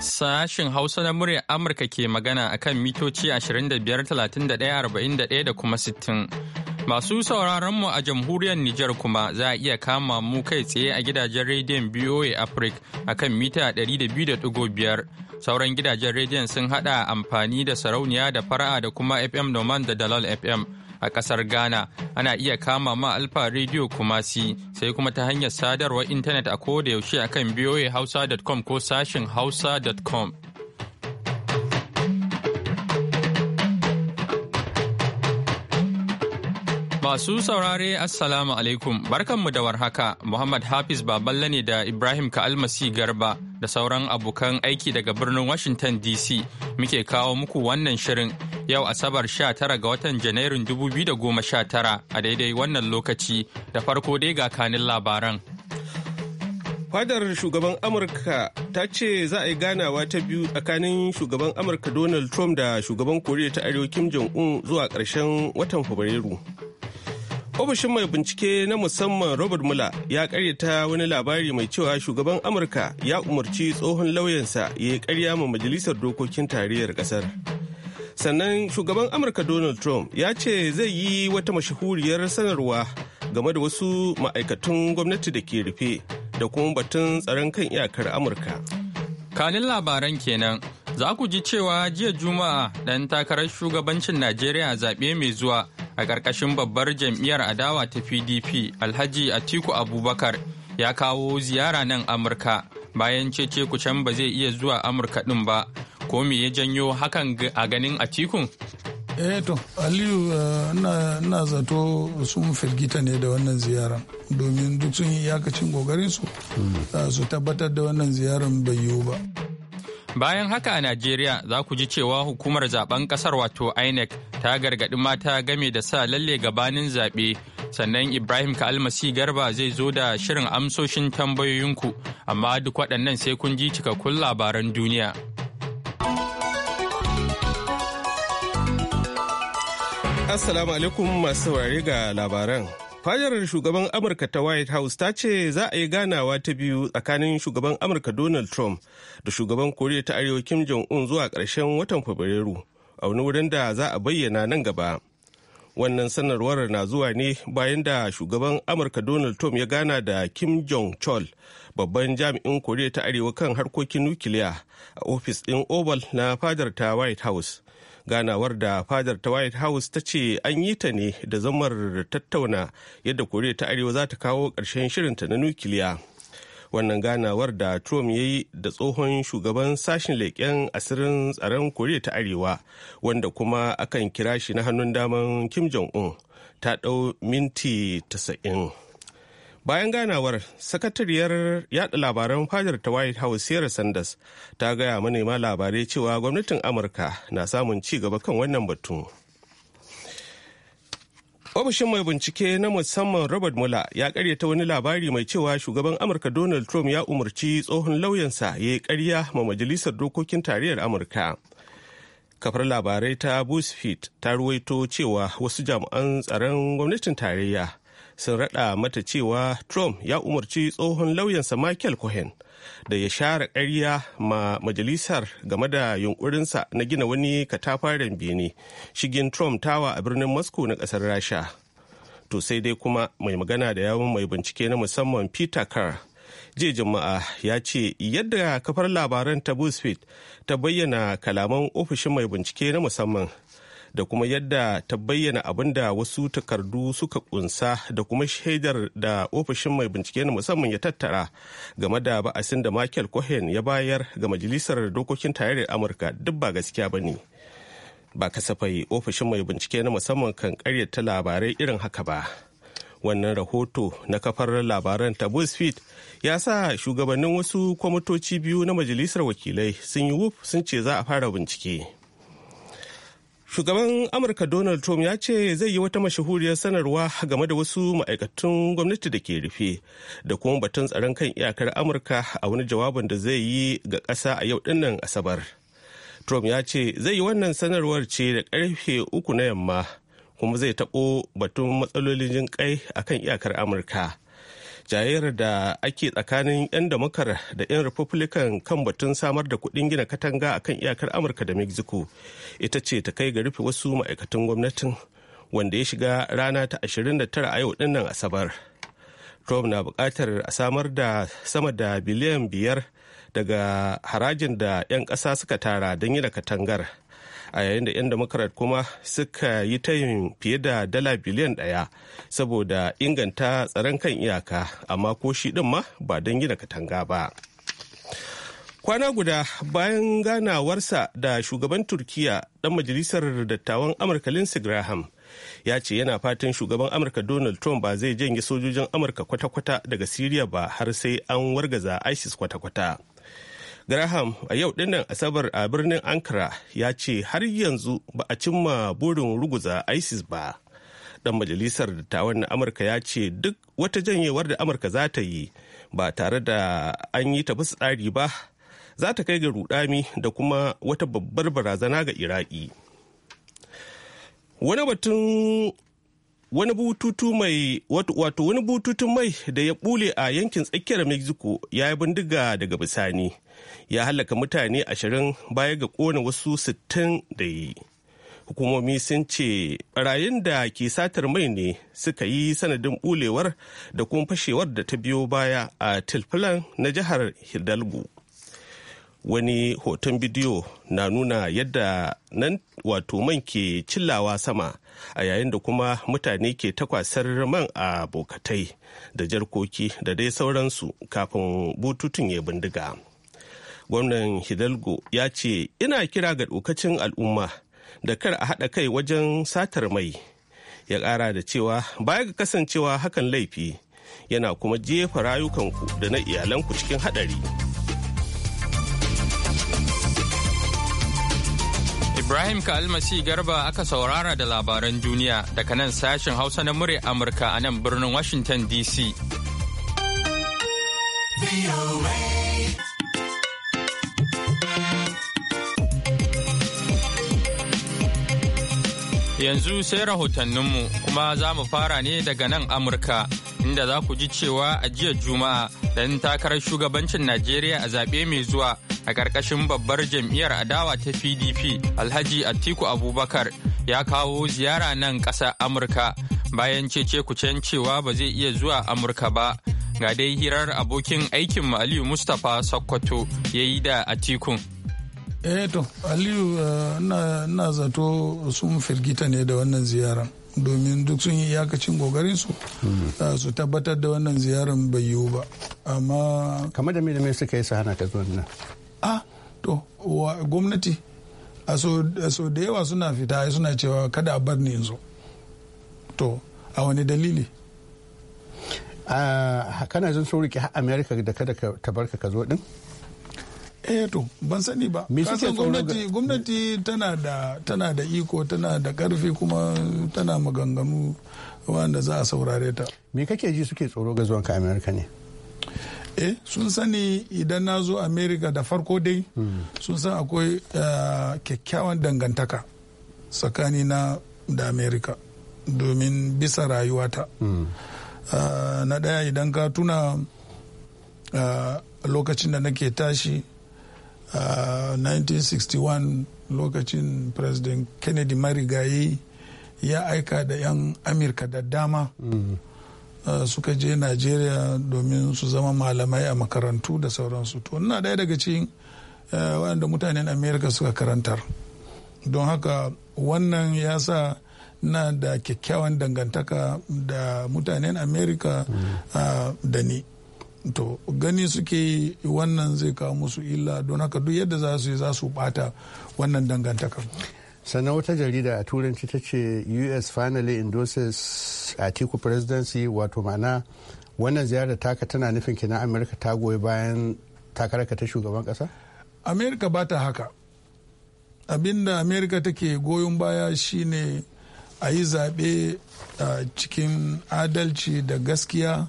sashen Hausa na murya Amurka ke magana a kan mitoci 25,31,41 da kuma 60. Masu sauraronmu a jamhuriyar Nijar kuma za a iya kama mu kai tsaye a gidajen rediyon BOA Africa kan mita 200.5. Sauran gidajen rediyon sun hada amfani da sarauniya da fara'a da kuma FM Noman da Dalal FM. a kasar Ghana ana iya kama ma Alfa Radio Kumasi sai kuma ta hanyar sadarwar intanet a koda yaushe akan voahausa.com ko sashin hausa.com. Masu saurare Assalamu alaikum barkanmu da warhaka Muhammad Hafiz Baballe ne da Ibrahim Ka'almasi Garba da sauran abokan aiki daga birnin Washington DC muke kawo muku wannan shirin yau Asabar 19 ga watan Janairun 2019 a daidai wannan lokaci da farko dai ga kanin labaran. Fadar shugaban Amurka ta ce za a yi ganawa ta biyu tsakanin shugaban Amurka Donald Trump da shugaban Koriya ta Arewa Kim Jong-un zuwa ƙarshen watan Fabrairu. Ofishin mai bincike na musamman Robert Mueller ya karyata wani labari mai cewa shugaban Amurka ya umarci tsohon lauyansa ya yi karya ma majalisar dokokin tarayyar kasar. Sannan shugaban Amurka Donald Trump ya ce zai yi wata mashahuriyar sanarwa game da wasu ma'aikatan gwamnati da ke rufe da kuma batun tsaron kan iyakar Amurka. Kanin labaran kenan. Za ku ji cewa jiya Juma'a ɗan takarar shugabancin Najeriya zaɓe mai zuwa a ƙarƙashin babbar jam'iyyar adawa ta pdp alhaji atiku abubakar ya kawo ziyara nan amurka bayan cece kucen ba zai iya zuwa amurka ɗin ba ko me ya janyo hakan a ganin Atiku? eh to aliyu eh, ina zato sun firgita ne da wannan ziyaran domin duk sun yi iyakacin kokarin su hmm. eh, su tabbatar da wannan ziyaran bai yiwu ba Bayan haka a Najeriya za ku ji cewa hukumar zaben kasar wato INEC ta gargaɗi mata game da sa lalle gabanin zaɓe. Sannan Ibrahim Kalmasi Garba zai zo da shirin amsoshin tambayoyinku, amma duk waɗannan sai kun ji cikakkun labaran duniya. Assalamu alaikum masu ga labaran. Fadarar shugaban Amurka ta White House ta ce za a yi ganawa ta biyu tsakanin shugaban Amurka Donald Trump da shugaban Koriya ta Arewa Kim Jong-un zuwa ƙarshen watan Fabrairu a wani wurin da za a bayyana nan gaba. Wannan sanarwar na zuwa ne bayan da shugaban Amurka Donald Trump ya gana da Kim Jong-chol babban jami'in koriya ta arewa kan harkokin nukiliya a ofis ɗin oval na fadar ta white house ganawar da fadar ta white house ta ce an yi ta ne da zamar tattauna yadda koriya ta arewa za ta kawo ƙarshen shirinta na nukiliya wannan ganawar da trump ya yi da tsohon shugaban sashen leƙen asirin tsaron koriya ta arewa wanda kuma akan kira shi na hannun daman kim jong-un ta ɗau minti 90 bayan ganawar sakatariyar yada labaran fadar ta white house sarah sanders ta gaya manema labarai cewa gwamnatin amurka na samun ci gaba kan wannan batun ofishin mai bincike na musamman robert mueller ya karyata wani labari mai cewa shugaban amurka donald trump ya umarci tsohon lauyansa ya yi karya ma majalisar dokokin tarayyar amurka kafar labarai ta buzzfeed ta ruwaito cewa wasu jami'an tsaron gwamnatin tarayya sun raɗa mata cewa Trump ya umarci tsohon lauyansa Michael Cohen da ya share ƙarya ma majalisar game da yunkurinsa na gina wani katafaren bene shigin Trump tawa a birnin Moscow na ƙasar Rasha. To sai dai kuma mai magana da yawon mai bincike na musamman Peter Carr jiya jama'a ya ce yadda kafar labaran ta BuzzFeed ta bayyana kalaman ofishin mai bincike na musamman da kuma yadda ta bayyana abin da wasu takardu suka kunsa da kuma shaidar da ofishin mai bincike na musamman ya tattara game da ba'asin da michael cohen ya bayar ga majalisar dokokin tarayyar amurka duk ba gaskiya ba ne ba kasafai ofishin mai bincike na musamman kan karyata labarai irin haka ba wannan rahoto na kafar labaran ta buzzfeed ya sa shugabannin wasu kwamitoci biyu na majalisar wakilai sun yi wuf sun ce za a fara bincike Shugaban Amurka Donald Trump ya ce zai yi wata mashahuriyar sanarwa game da wasu ma'aikatun gwamnati da ke rufe da kuma batun tsaron kan iyakar Amurka a wani jawabin da zai yi ga ƙasa a yau dinnan Asabar. Trump ya ce zai yi wannan sanarwar ce da ƙarfe uku na yamma kuma zai taɓo batun matsalolin jin kai a kan iyakar Amurka jayayyar da ake tsakanin 'yan damakar da 'yan republican kan batun samar da kuɗin gina katanga a kan iyakar amurka da mexico ita ce ta kai ga rufe wasu ma'aikatan gwamnatin wanda ya shiga rana ta 29 a yau dinnan asabar trump na buƙatar a samar da sama da biliyan biyar daga harajin da 'yan ƙasa suka tara don gina katangar a yayin da 'yan democrat kuma suka yi tayin fiye da dala biliyan ɗaya saboda inganta tsaron kan iyaka amma ko shi ɗin ma ba don gina katanga ba kwana guda bayan ganawarsa da shugaban turkiya dan majalisar dattawan amurka lindsey graham ya ce yana fatan shugaban amurka donald trump ba zai janye sojojin amurka kwata-kwata daga siriya ba har sai an wargaza isis kwata-kwata Graham a yau dinnan Asabar a birnin Ankara ya ce har yanzu ba a cimma burin ruguza ISIS ba. Dan majalisar dattawan na Amurka ya ce duk wata janyewar da Amurka za ta yi ba tare da an yi ta tsari ba za ta kai ga rudami da kuma wata babbar barazana ga Iraki. Wani batun wani bututu mai wato wani bututun mai da ya bule a yankin tsakiyar mexico ya yi bindiga daga bisani ya halaka mutane ashirin baya ga kona wasu sittin da yi hukumomi sun ce barayin da ke satar mai ne suka yi sanadin bulewar da kuma fashewar da ta biyo baya a tilfilan na jihar hidalgo wani hoton bidiyo na nuna yadda nan wato man ke cillawa sama a yayin da kuma mutane ke takwasar man a bokatai da jarkoki da dai sauransu kafin bututun ya bindiga gwamnan hidalgo ya ce ina kira ga dokacin al'umma da kar a haɗa kai wajen satar mai ya ƙara da cewa baya ga kasancewa hakan laifi yana kuma jefa rayukanku da na iyalanku cikin haɗari. Ibrahim Kalmasi Garba aka saurara da labaran duniya daga nan sashen Hausa na murya Amurka a nan birnin Washington DC. Yanzu sai rahotanninmu kuma za mu fara ne daga nan Amurka. inda za ku ji cewa a jiya Juma'a dan takarar shugabancin Najeriya a zaɓe mai zuwa a ƙarƙashin babbar jam'iyyar adawa ta PDP Alhaji Atiku Abubakar ya kawo ziyara nan ƙasa Amurka bayan cece ku cewa ba zai iya zuwa Amurka ba. Ga dai hirar abokin aikin Aliyu Mustapha Sokoto ya yi da Atikun. Eh to, Aliyu eh, na zato sun firgita ne da wannan ziyaran. domin duk sun yi iyakacin kokarin su hmm. ah, su tabbatar da wannan ziyarar bai yiwu ba amma kamar da me suka yi su hana ta zuwa nan ah to gwamnati a so da yawa suna fita suna cewa kada a bar ni yanzu to a wani dalili ah, kana jin sun rike amerika da kada ka tabarka ka zo din eh to ban sani ba kasan gwamnati gwamnati tana da tana da iko tana da karfi kuma tana maganganu wanda za a saurare ta me kake ji suke tsoro ga zuwanka america ne eh sun sani idan na zo america da farko dai hmm. sun san akwai eh, kyakkyawan dangantaka tsakani na da america domin bisa rayuwata hmm. eh, na daya idan ka tuna eh, lokacin da nake tashi uh, 1961 lokacin president kennedy marigayi ya aika da 'yan amurka da dama mm. uh, suka je nigeria domin su zama malamai a makarantu da sauransu to na daya daga cikin uh, waɗanda mutanen amerika suka karantar don haka wannan ya sa na da kyakkyawan dangantaka da mutanen amerika mm. Uh, da ni to gani suke wannan zai kawo musu illa don haka duk yadda za su yi za su bata wannan dangantakar sannan wata jarida a turanci ta ce us finally endorses atiku presidency wato ma'ana wannan ziyarar taka tana nufin kina amurka ta goyi bayan takararka ta shugaban kasa amerika ba ta haka abinda amerika take goyon baya shine a yi zaɓe a cikin adalci da gaskiya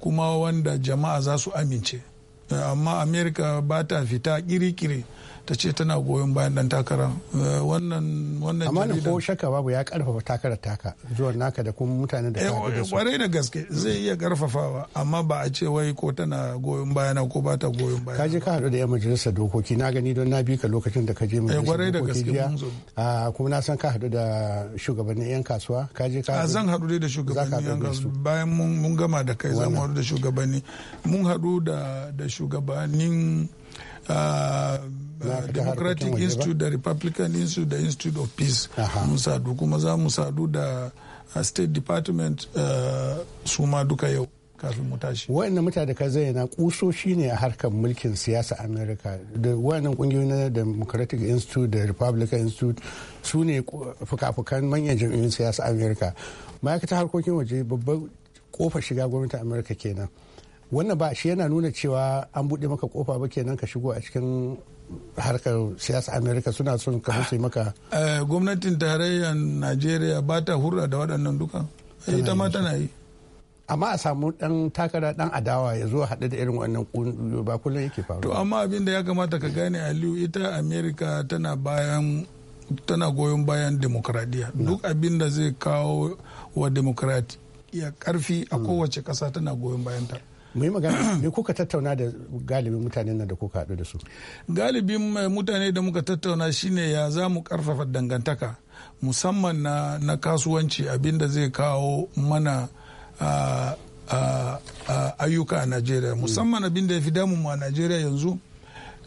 kuma wanda jama'a za su amince amma amerika ba ta fita kiri-kiri ta ce tana goyon bayan dan takara eh, wannan wannan amma ko shakka babu ya karfafa takara taka zuwa naka da kuma mutanen da eh, ka kwarai da gaske zai iya karfafawa amma ba a ce wai ko tana goyon bayana ko ba ta goyon bayana kaje ka hadu da yan majalisar dokoki na gani don na bi ka lokacin da ka je majalisar eh, dokoki jiya ah, kuma na san ka hadu da shugabannin yan kasuwa kaje ka ah, zan hadu da shugabannin yan kasuwa bayan mun gama da kai zan hadu da shugabanni mun hadu da da shugabannin Uh, democratic institute da republican institute da institute of peace mun sadu kuma za mu sadu da state department eh, su ma duka yau kafin mu tashi. Wa'annan mutane ka zayyana kusoshi ne a harkar mulkin siyasa america. Da wayannan kungiyoyi na Democratic Institute da Republican Institute su ne fuka-fukan manyan jam'iyyun siyasa america. Ma'aikatar harkokin waje babbar kofa shiga gwamnatin america kenan. Wannan ba shi yana nuna cewa an buɗe maka kofa ba kenan ka shigo a cikin harkar siyasa amerika suna son kamar su maka eh, gwamnatin tarayyar najeriya ba ta hurra da waɗannan duka eh, ita ma tana yi amma a samu dan takara dan adawa ya zo haɗe da irin wannan ƙungiyoyi ba kullum yake faru to amma abin da ya kamata ka gane aliyu ita amerika tana bayan tana goyon bayan demokradiyya duk abin da zai kawo wa demokrati ya karfi a hmm. kowace ƙasa tana goyon bayan ta muyi magana me kuka tattauna da galibin mutanen nan da kuka haɗu da su galibin eh, mutane da muka tattauna shine ya za mu karfafa dangantaka musamman na, na kasuwanci abinda zai kawo mana uh, uh, uh, ayyuka a najeriya musamman abinda ya fi damu a najeriya yanzu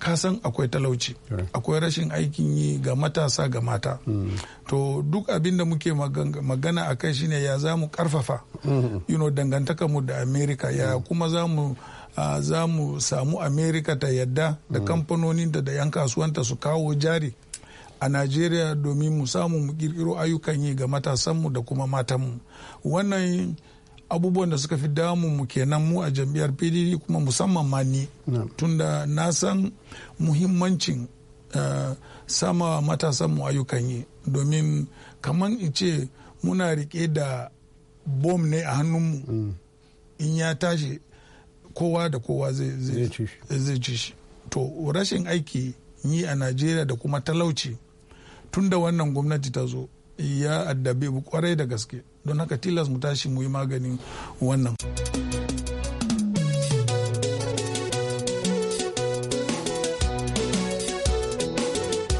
kasan akwai talauci akwai rashin aikin yi ga matasa ga mata mm. to duk abin da muke magana a kai shine ya za mu karfafa mm. dangantaka mu da amerika ya mm. kuma za mu za mu samu amerika ta yadda da kamfanoninta da 'yan kasuwanta su kawo jari a nigeria domin mu samu mu kirkiro ayyukan yi ga matasanmu da kuma matanmu wannan abubuwan da suka fi damu mu kenan mu a jam'iyyar pdd kuma musamman ma ni tunda na san muhimmancin eh, sama matasan mu ayyukan yi domin kamar in ce muna rike da bom ne a hannunmu mu mm. in ya tashi kowa da kowa zai ci shi to rashin aiki yi a najeriya da kuma talauci tunda wannan gwamnati ta zo ya addabe mu kwarai da gaske don haka tilas mu tashi mu yi maganin wannan.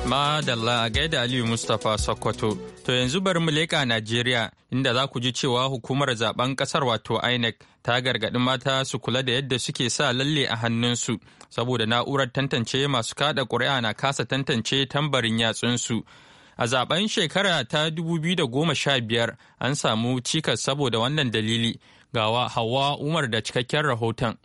Madalla a gaida Aliyu Mustapha Sokoto. To yanzu bari mu leƙa Najeriya inda za ku ji cewa hukumar zaben ƙasar wato INEC ta gargaɗi mata su kula da yadda suke sa lalle a hannunsu saboda na'urar tantance masu kaɗa ƙuri'a na kasa tantance tambarin yatsunsu. A zaben shekara ta 2015 an samu cikas saboda wannan dalili gawa Hawa Umar da cikakken rahoton.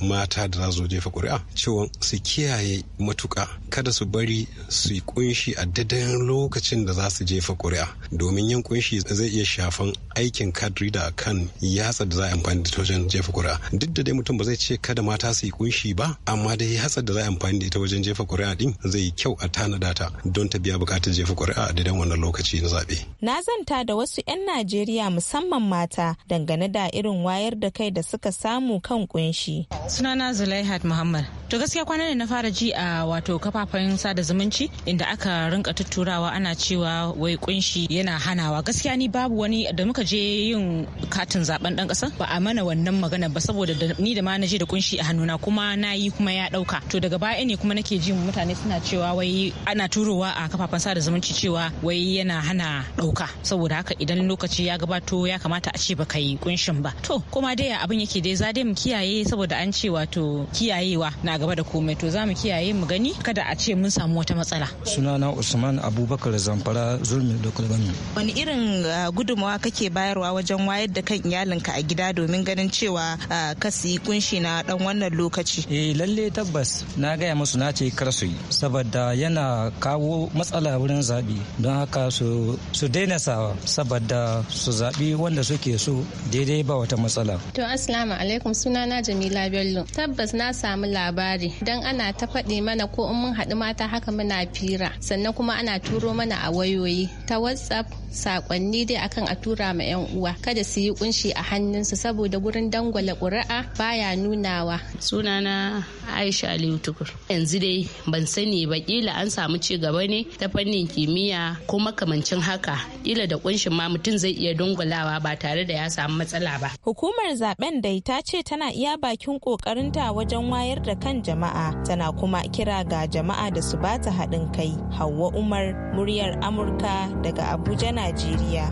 mata da za jefa ƙuri'a cewa su kiyaye matuƙa kada su bari su yi kunshi a daidai lokacin da za su jefa ƙuri'a domin yin kunshi zai iya shafan aikin kadri da kan yatsa da za a amfani da wajen jefa ƙuri'a duk da dai mutum ba zai ce kada mata su yi kunshi ba amma dai yatsa da za a amfani da ita wajen jefa ƙuri'a din zai yi kyau a tanada ta don ta biya buƙatar jefa ƙuri'a a daidai wannan lokaci na zaɓe. na zanta da wasu 'yan najeriya musamman mata dangane da irin wayar da kai da suka samu kan kunshi. sunana zulaihat muhammad to gaskiya kwanan ne na fara ji a wato kafafen sada zumunci inda aka rinka tutturawa ana cewa wai kunshi yana hanawa gaskiya ni babu wani da muka je yin katin zaben dan kasa ba a mana wannan magana ba saboda ni da ma na je da kunshi a hannuna kuma na yi kuma ya dauka to daga baya ne kuma nake jin mutane suna cewa wai ana turowa a kafafen sada zumunci cewa wai yana hana dauka saboda haka idan lokaci ya gabato ya kamata a ce baka yi kunshin ba to kuma dai abin yake dai za dai mu kiyaye saboda an ce wato kiyayewa na gaba da komai to za mu kiyaye mu gani kada a ce mun samu wata matsala sunana usman abubakar zamfara zurmi da gani wani irin uh, gudunmawa kake bayarwa wajen wayar da kan iyalinka a gida domin ganin cewa uh, ka yi kunshi na dan wannan lokaci eh lalle tabbas na gaya musu na ce kar su yi saboda yana kawo matsala wurin zabi don haka su su daina sawa saboda su zabi wanda suke so daidai ba wata matsala to assalamu alaikum sunana jamila Bello. Tabbas na samu labari don ana ta faɗi mana ko in mun haɗu mata haka muna fira sannan kuma ana turo mana a wayoyi ta WhatsApp sakonni dai akan a tura ma 'yan uwa kada su yi kunshi a su saboda gurin dangwala ƙuri'a baya nunawa sunana aisha aliyu yanzu dai ban sani ba kila an samu ci gaba ne ta fannin kimiyya ko makamancin haka kila da kunshin ma mutum zai iya dangwalawa ba tare da ya samu matsala ba hukumar zaben dai ta ce tana iya bakin kokarinta wajen wayar da kan jama'a tana kuma kira ga jama'a da su ba ta haɗin kai hawa umar muryar amurka daga abuja Najeriya.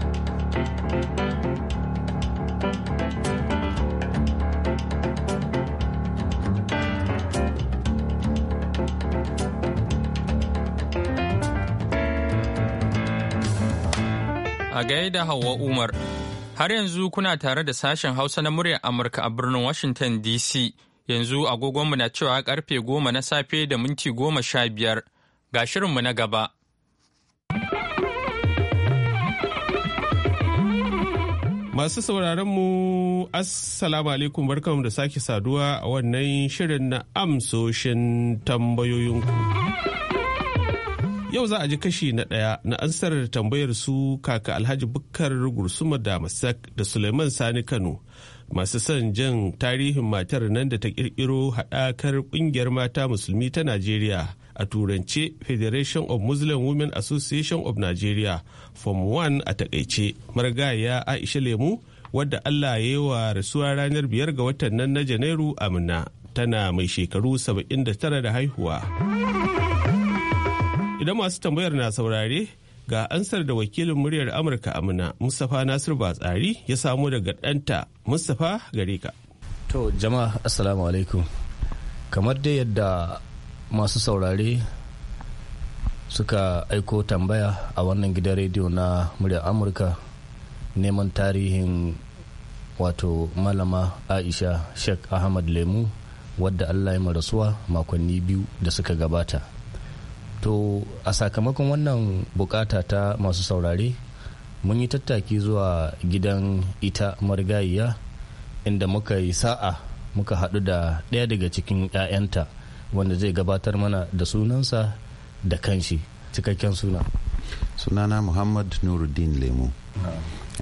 A da Hauwa Umar, har yanzu kuna tare da sashen Hausa na muryar Amurka a birnin Washington DC. Yanzu agogonmu na cewa karfe goma na safe da minti goma sha biyar ga shirinmu na gaba. Masu sauraron mu Assalamu alaikum barkamu da sake saduwa a wannan shirin na amsoshin tambayoyinku. Yau za a ji kashi na ɗaya na ansar tambayar su kaka Alhaji Bukkar Gursuma Damasak da Suleiman Sani Kano masu son jan tarihin matar nan da ta kirkiro haɗakar ƙungiyar mata musulmi ta najeriya a turance federation of muslim women association of nigeria form 1 a takaice Margaya aisha lemu wadda allah ya yi wa rasuwa ranar biyar ga watan nan na janairu amina tana mai shekaru 79 da haihuwa idan masu tambayar na saurare ga ansar da wakilin muryar amurka amina mustapha nasir batsari ya samu daga ɗanta mustapha gare ka to jama'a assalamu alaikum kamar dai yadda masu saurare suka aiko tambaya a wannan gidan rediyo na muryar amurka neman tarihin wato malama aisha sheikh ahmad lemu wadda allah ya rasuwa makonni biyu da suka gabata to a sakamakon wannan bukata ta masu saurare mun yi tattaki zuwa gidan ita marigayiya inda muka yi sa'a muka haɗu da ɗaya daga cikin 'ya'yanta wanda zai gabatar mana da sunansa da kanshi cikakken suna sunana muhammad nuruddin lemu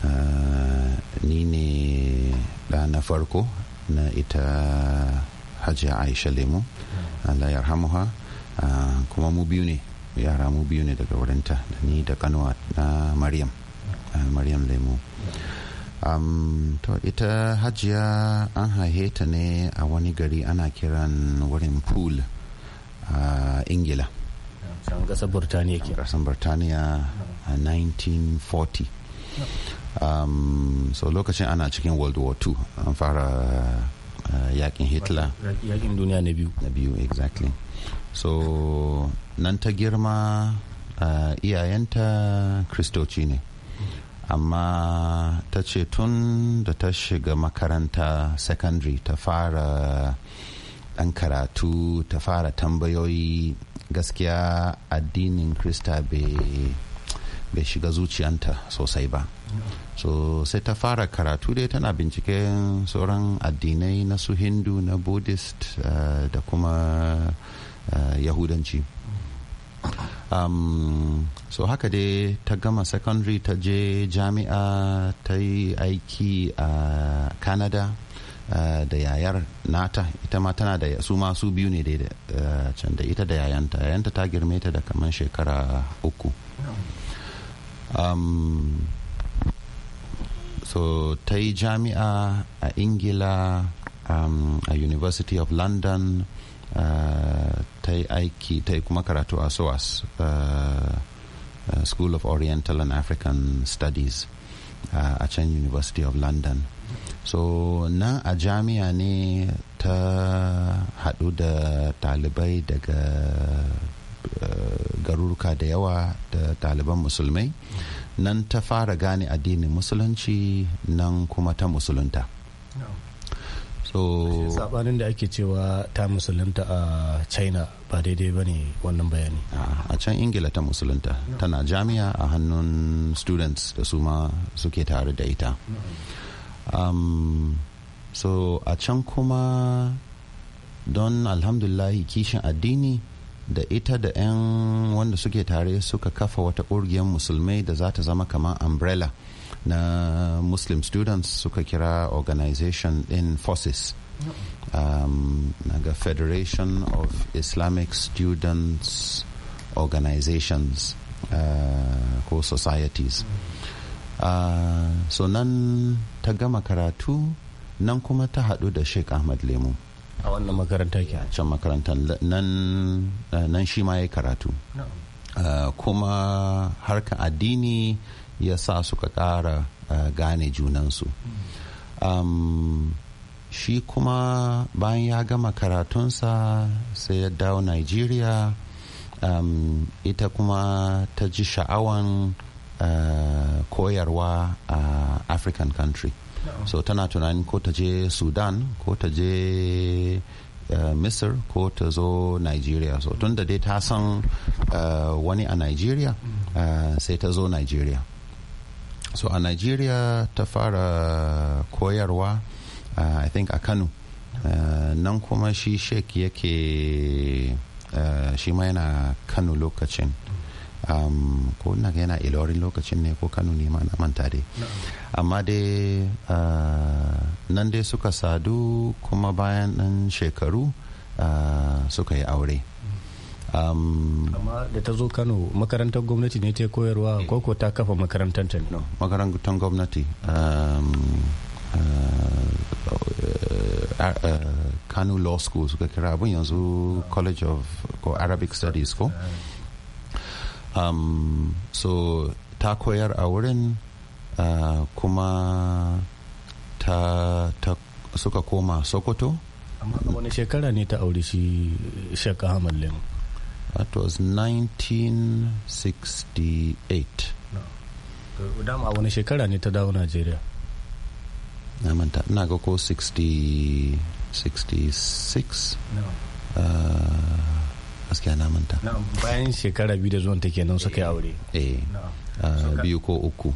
ah, ni ne ɗa na farko na ita hajiya aisha lemu allah yarhamuha Ah, kuma mu biyu ne yara mu biyu ne daga wurinta da ni da kanuwa na maryam ah, maryam lemu um, ita hajiya an haihe ta ne a wani gari ana kiran wurin pool a ingila ƙasar burtaniya ke burtaniya a 1940 um, so lokacin ana cikin world war ii an fara uh, yakin hitler yakin duniya na biyu na biyu exactly so nan ta girma uh, iyayenta kristoci ne amma ta ce tun da ta shiga makaranta secondary ta fara ɗan karatu ta fara tambayoyi gaskiya addinin krista bai shiga zuciyanta sosai ba so sai ta fara karatu dai tana binciken sauran addinai na su hindu na buddhist uh, da kuma Eh, yahudanci um, so haka dai ta gama secondary ta je jami'a ta yi aiki a canada Uh, da yayar nata ita ma tana da su ma biyu ne da eh, can da ita da yayanta yayanta ta girme ta da kaman shekara uku um, so ta yi jami'a a ingila um, a university of london Eh, ta yi aiki ta yi kuma karatu a SOAS eh, eh, School of Oriental and African Studies a can University of London. So na a jami'a ne ta hadu da talibai daga garuruka da yawa da ɗaliban musulmai nan ta fara gane addinin musulunci nan kuma ta musulunta. so sabanin da ake cewa ta musulunta a china ba daidai ba ne wannan bayani a can ingila ta musulunta tana jami'a a hannun students da su ma suke tare da ita um, so a can kuma don alhamdulahi kishin addini da ita da 'yan wanda suke tare suka kafa wata ƙungiyar musulmai da za ta zama kamar umbrella na muslim students suka kira organization in forces um, naga federation of islamic students organizations uh, ko societies uh, so nan ta gama karatu nan kuma ta hadu da sheikh ahmad lemu a wannan makaranta ke a can makarantar nan uh, shi ma ya karatu uh, kuma harka addini ya sa suka ƙara eh, gane junansu shi kuma bayan ya gama karatunsa sai ya dawo nigeria um, ita kuma ta ji sha'awan uh, koyarwa a uh, african country so tana tunanin ko ta je sudan ko ta je Uh, misir ko ta zo nigeria so tun da dai ta san uh, wani a nigeria uh, sai ta zo nigeria so a nigeria ta fara koyarwa uh, i think a kano uh, nan kuma shi sheik yake uh, shi ma yana kano lokacin um, ko na yana ilorin lokacin ne ko kano ne ma na manta dai amma dai uh, nan dai suka sadu kuma bayan ɗan shekaru uh, suka yi aure amma da ta zo kano makarantar gwamnati ne ta koyarwa koko ta kafa makarantar ta no makarantar gwamnati eh, eh, eh, kano law school suka kira abin yanzu college of ko arabic studies ko so ta koyar a wurin uh, kuma ta, suka koma sokoto amma wani shekara ne ta aure shi shek ahmad that was 1968 a wani shekara ne ta dawo najeriya na manta ina ga ko 66 ah, gaskiya na manta bayan shekara biyu da zuwan take nan suka yi aure eh ah, biyu ko uku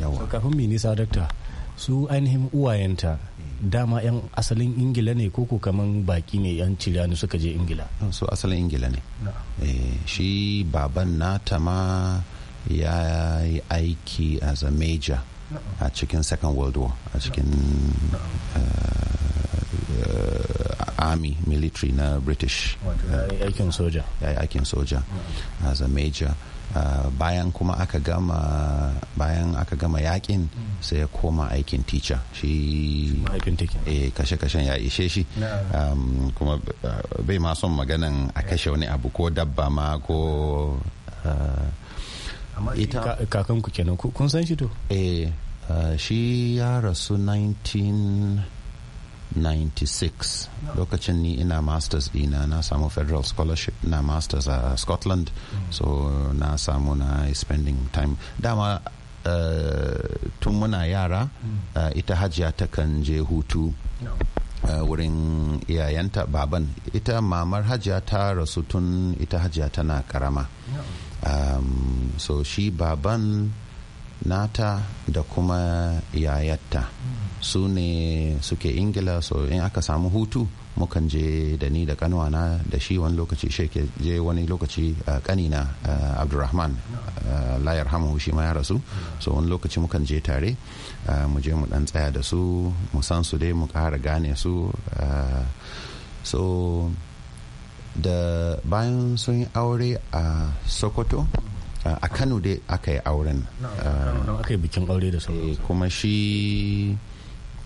yawa kafin minisa dakta su ainihin uwayenta dama yan asalin ingila ne ko ko kaman baki ne yan cirani suka je ingila su asalin ingila ne eh, shi baban nata ma ya yi aiki as a major a cikin second world war a cikin Uh, army military na british uh, aikin soja ya yi aikin soja mm. as a major Uh, bayan kuma aka gama bayan aka gama yakin mm. sai ya koma aikin teacher shi eh kashe-kashen ya ishe shi um, kuma uh, bai ma son maganan a kashe wani abu ko dabba ma ko ita kakan ku kenan kun san shi to eh shi ya rasu 19 1996 lokacin ni ina masters dina na samu federal scholarship na masters a scotland so na samu na spending time dama eh, tun muna yara eh, ita hajiya ta kan je hutu eh, wurin iyayenta baban ita mamar hajiya ta rasu tun ita hajiya tana karama um, so shi baban nata da kuma yayatta su ne suke ingila so in aka samu hutu mukan je da ni da kanwana da shi wani lokaci shi je wani lokaci kanina abdurrahman layar hamu shi ma ya rasu so wani lokaci mukan je tare mu je mu dan tsaya da su mu san su dai mu kara gane su so da bayan sun yi aure a sokoto Uh, a kano dai aka yi auren uh, aka yi bikin aure da sauransu eh, kuma shi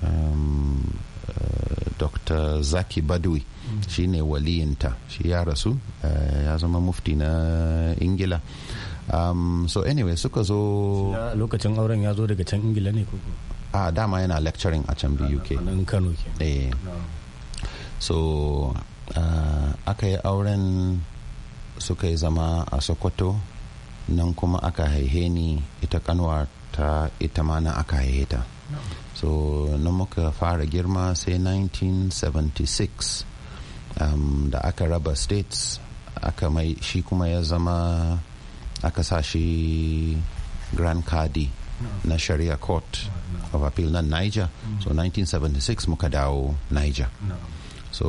um, uh, dr zaki badwi mm. shi ne waliyinta shi ya rasu ya zama mufti na ingila um, so anyway suka zo lokacin auren ya zo daga can ingila ne koko a ah, dama yana lecturing a can ah, uk kano ke eh. so uh, aka yi auren suka yi zama a sokoto nan kuma aka haihe ni ita kanwa ta ita ma na aka haihe ta so nan muka fara girma sai 1976 um, da aka raba states aka mai shi kuma ya zama aka sa shi grand cardi na sharia court of appeal na niger so 1976 muka dawo niger so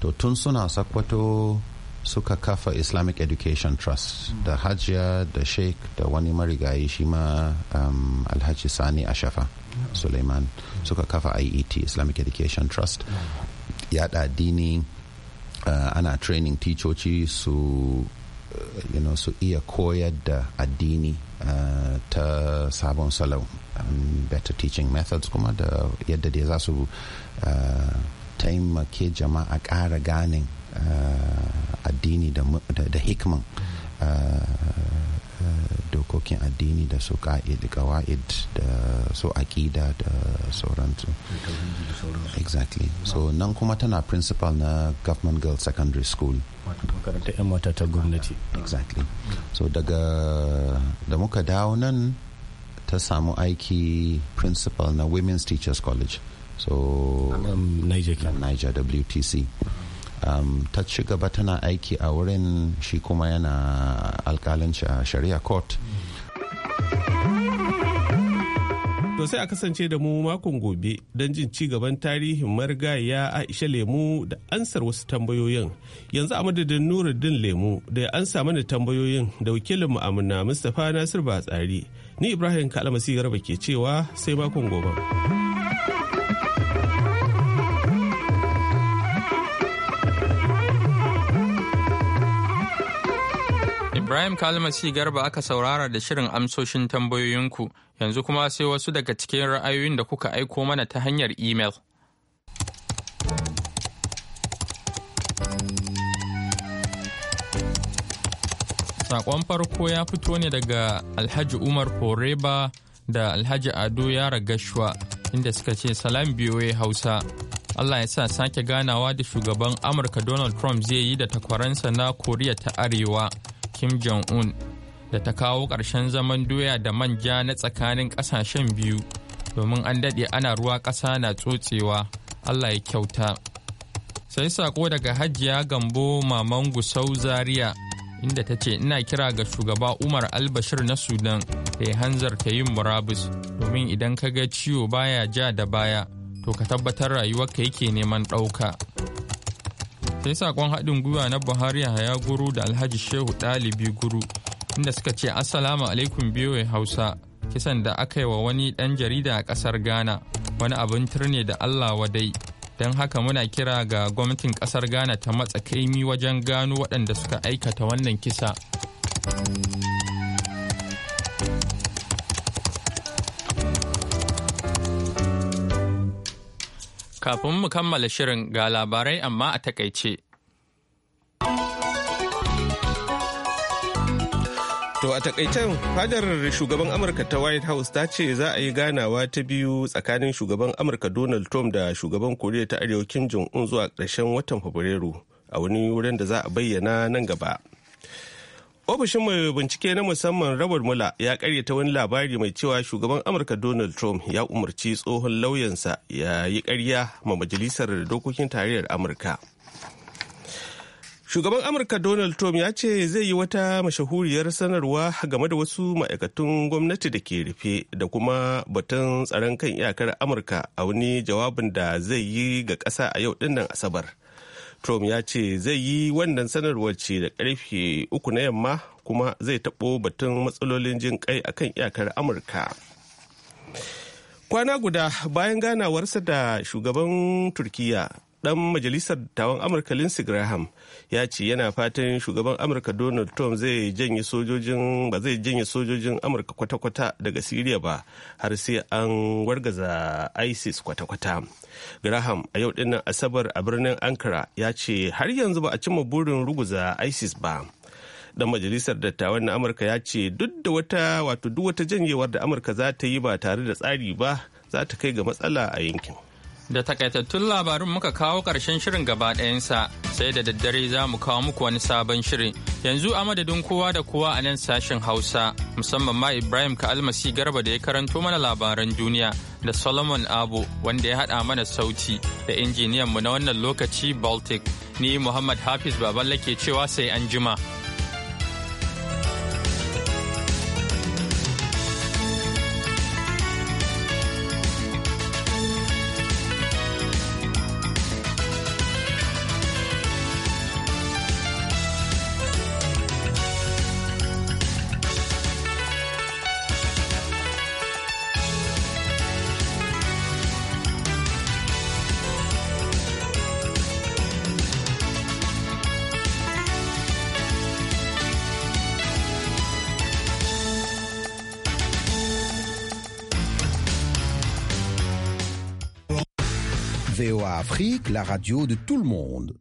to tun suna sakwato suka kafa islamic education trust hmm. da hajiya da sheik da wani marigayi shi ma um, alhaji sani ashafa hmm. suleiman hmm. suka kafa iet islamic education trust yada addini uh, ana training ticoci su uh, you know, su iya koyar da addini uh, ta sabon salau um, better teaching methods kuma da yadda dai za su uh, taimake jama'a ƙara ganin Eh, addini da hikman eh, eh, dokokin addini da su ka'id kawa'id da su aƙida da sauransu exactly so nan kuma tana principal na government girls secondary school Makaranta 'yan mata ta gwamnati exactly so daga da muka dawo nan ta samu aiki principal na women's teachers college so niger niger wtc um, ta ci gaba tana aiki a wurin shi kuma yana alkalanci a shari'a court To sai a kasance da mu makon gobe don jin ci gaban tarihin ya Aisha Lemu da ansar wasu tambayoyin. Yanzu a madadin Nuruddin Lemu da ya ansa mana tambayoyin da wakilin mu'amuna Mustapha Nasir Batsari. Ni Ibrahim kalamasi Garba ke cewa sai makon gobe. Ibrahim Kalmasi Garba aka saurara da shirin amsoshin tambayoyinku yanzu kuma sai wasu daga cikin ra'ayoyin da kuka aiko mana ta hanyar imel. Sakon farko ya fito ne daga Alhaji Umar Foreba da Alhaji Ado Yara Gashwa inda suka ce salam biyoye Hausa. Allah ya sa sake ganawa da shugaban Amurka Donald Trump zai yi da takwaransa na Koriya ta Arewa. Kim Jong-un da ta kawo ƙarshen zaman doya da manja na tsakanin ƙasashen biyu domin an daɗe ana ruwa ƙasa na tsotsewa Allah ya kyauta. Sai saƙo daga hajiya gambo maman Gusau Zaria inda ta ce ina kira ga shugaba Umar Albashir na Sudan da ya hanzarta yin murabus domin idan ka ga ciwo baya ja da baya to ka tabbatar rayuwar ka yake neman ɗauka. sai sakon haɗin gwiwa na buhari ya guru da alhaji shehu ɗalibi guru inda suka ce assalamu alaikum biyoyi hausa kisan da aka yi wa wani ɗan jarida a ƙasar ghana wani abin turne da allah wadai don haka muna kira ga gwamnatin ƙasar ghana ta matsa kaimi wajen gano waɗanda suka aikata wannan kisa. Kafin mu kammala shirin ga labarai amma a takaice. To a takaicen fadar shugaban Amurka ta White House ta ce za a yi ganawa ta biyu tsakanin shugaban Amurka Donald Trump da shugaban Koriya ta Arewa Kim Jong-un zuwa ƙarshen watan Fabrairu a wani wurin da za a bayyana nan gaba. Ofishin mai bincike na musamman Robert mula ya ta wani labari mai cewa shugaban Amurka Donald Trump ya umarci tsohon lauyansa ya yi karya ma majalisar dokokin tarayyar Amurka. Shugaban Amurka Donald Trump ya ce zai yi wata mashahuriyar sanarwa game da wasu ma'aikatun gwamnati da ke rufe da kuma batun tsaron kan iyakar Amurka a wani jawabin da zai yi ga ƙasa a yau dinnan Asabar. Trump ya ce zai yi wannan sanarwar ce da ƙarfe uku na yamma kuma zai taɓo batun matsalolin jin kai a kan iyakar Amurka. Kwana guda bayan ganawarsa da shugaban Turkiyya dan majalisar dattawan amurka lindsey graham ya ce yana fatan shugaban amurka donald trump zai janye sojojin ba zai janye sojojin amurka kwata-kwata daga siriya ba har sai an wargaza isis kwata-kwata graham a yau dinnan asabar a birnin ankara ya ce har yanzu ba a cimma burin ruguza isis ba dan majalisar dattawan na amurka ya ce duk da wata wato duk wata janyewar da amurka za ta yi ba tare da tsari ba za ta kai ga matsala a yankin Da takaitattun labarun muka kawo ƙarshen shirin gaba ɗayansa sai da daddare za mu kawo muku wani sabon shirin. Yanzu a madadin kowa da kowa a nan sashen Hausa musamman ma Ibrahim Ka'almasi Garba da ya karanto mana labaran duniya da Solomon Abu wanda ya haɗa mana sauti da injiniyanmu na wannan lokaci Baltic. Ni Muhammad Hafiz Baballe ke cewa sai an jima. la radio de tout le monde.